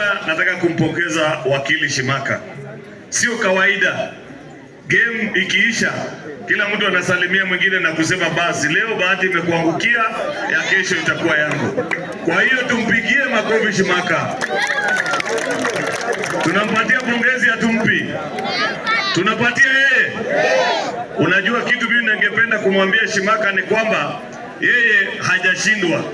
Sasa nataka kumpongeza wakili Shimaka. Sio kawaida game ikiisha, kila mtu anasalimia mwingine na kusema basi leo bahati imekuangukia, ya kesho itakuwa yangu. Kwa hiyo tumpigie makofi Shimaka, tunampatia pongezi, tumpi, tunapatia yeye. Unajua kitu mimi ningependa kumwambia Shimaka ni kwamba yeye hajashindwa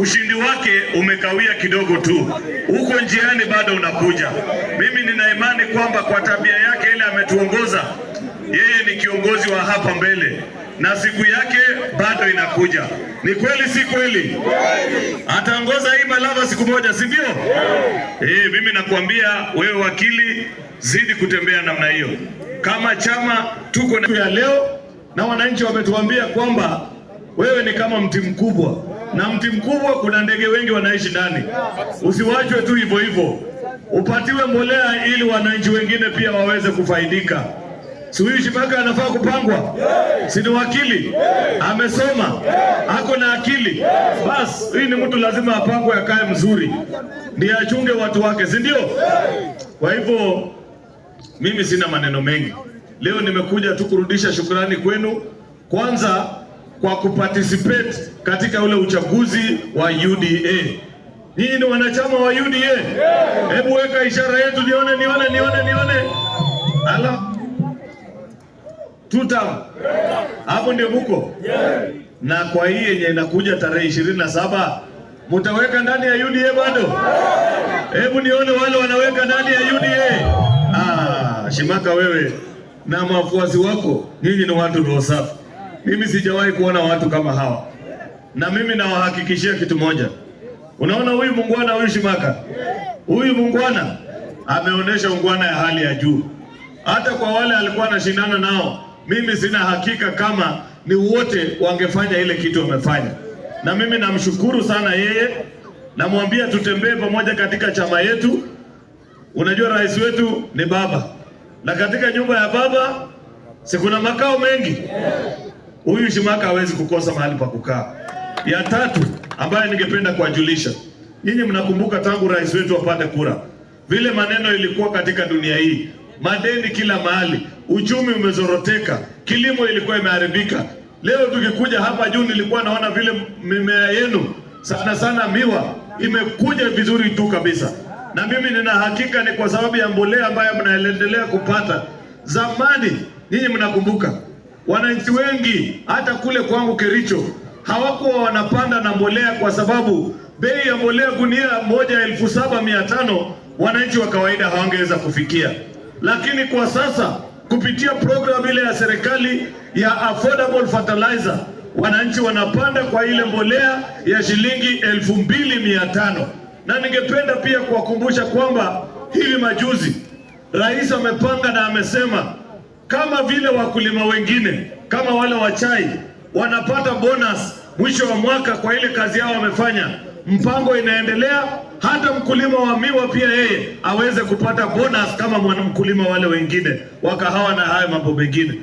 ushindi wake umekawia kidogo tu, huko njiani, bado unakuja. Mimi nina imani kwamba kwa tabia yake ile ametuongoza, yeye ni kiongozi wa hapa mbele na siku yake bado inakuja. Ni kweli, si kweli? Ataongoza hii Malava siku moja, si ndio? Eh, mimi nakwambia wewe wakili, zidi kutembea namna hiyo. Kama chama tuko na ya leo, na wananchi wametuambia kwamba wewe ni kama mti mkubwa na mti mkubwa, kuna ndege wengi wanaishi ndani. Usiwachwe tu hivyo hivyo, upatiwe mbolea ili wananchi wengine pia waweze kufaidika. Suhuyu Shivaka anafaa kupangwa, si ni wakili, amesoma, ako na akili. Basi hii ni mtu lazima apangwe, akae mzuri, ndiye achunge watu wake, si ndio? Kwa hivyo mimi sina maneno mengi leo, nimekuja tu kurudisha shukrani kwenu kwanza kwa kuparticipate katika ule uchaguzi wa UDA. Nyinyi ni wanachama wa UDA? Hebu weka ishara yetu nione, nione, nione, nione. Ala. Tuta. Hapo ndio muko? Na kwa hii yenye inakuja tarehe 27 mutaweka ndani ya UDA bado? Hebu nione wale wanaweka ndani ya UDA. Ah, Shimaka wewe na mafuasi wako, nyinyi ni watu wa safi. Mimi sijawahi kuona watu kama hawa, na mimi nawahakikishia kitu moja. Unaona, huyu mungwana huyu Shimaka, huyu mungwana ameonyesha ungwana ya hali ya juu. Hata kwa wale alikuwa anashindana nao, mimi sina hakika kama ni wote wangefanya ile kitu wamefanya, na mimi namshukuru sana yeye. Namwambia tutembee pamoja katika chama yetu. Unajua rais wetu ni baba, na katika nyumba ya baba si kuna makao mengi. Huyu Shimaka hawezi kukosa mahali pa kukaa. Ya tatu ambayo ningependa kuwajulisha nyinyi, mnakumbuka tangu rais wetu apate kura, vile maneno ilikuwa katika dunia hii, madeni kila mahali, uchumi umezoroteka, kilimo ilikuwa imeharibika. Leo tukikuja hapa juu, nilikuwa naona vile mimea yenu sana sana miwa imekuja vizuri tu kabisa, na mimi nina hakika ni kwa sababu ya mbolea ambayo mnaendelea kupata. Zamani nyinyi mnakumbuka Wananchi wengi hata kule kwangu Kericho hawakuwa wanapanda na mbolea kwa sababu bei ya mbolea gunia moja elfu saba mia tano wananchi wa kawaida hawangeweza kufikia, lakini kwa sasa kupitia programu ile ya serikali ya affordable fertilizer wananchi wanapanda kwa ile mbolea ya shilingi elfu mbili mia tano na ningependa pia kuwakumbusha kwamba hivi majuzi rais amepanga na amesema kama vile wakulima wengine kama wale wa chai wanapata bonus mwisho wa mwaka kwa ile kazi yao wamefanya, mpango inaendelea. Hata mkulima wa miwa pia yeye aweze kupata bonus kama mwanamkulima wale wengine wakahawa na haya mambo mengine.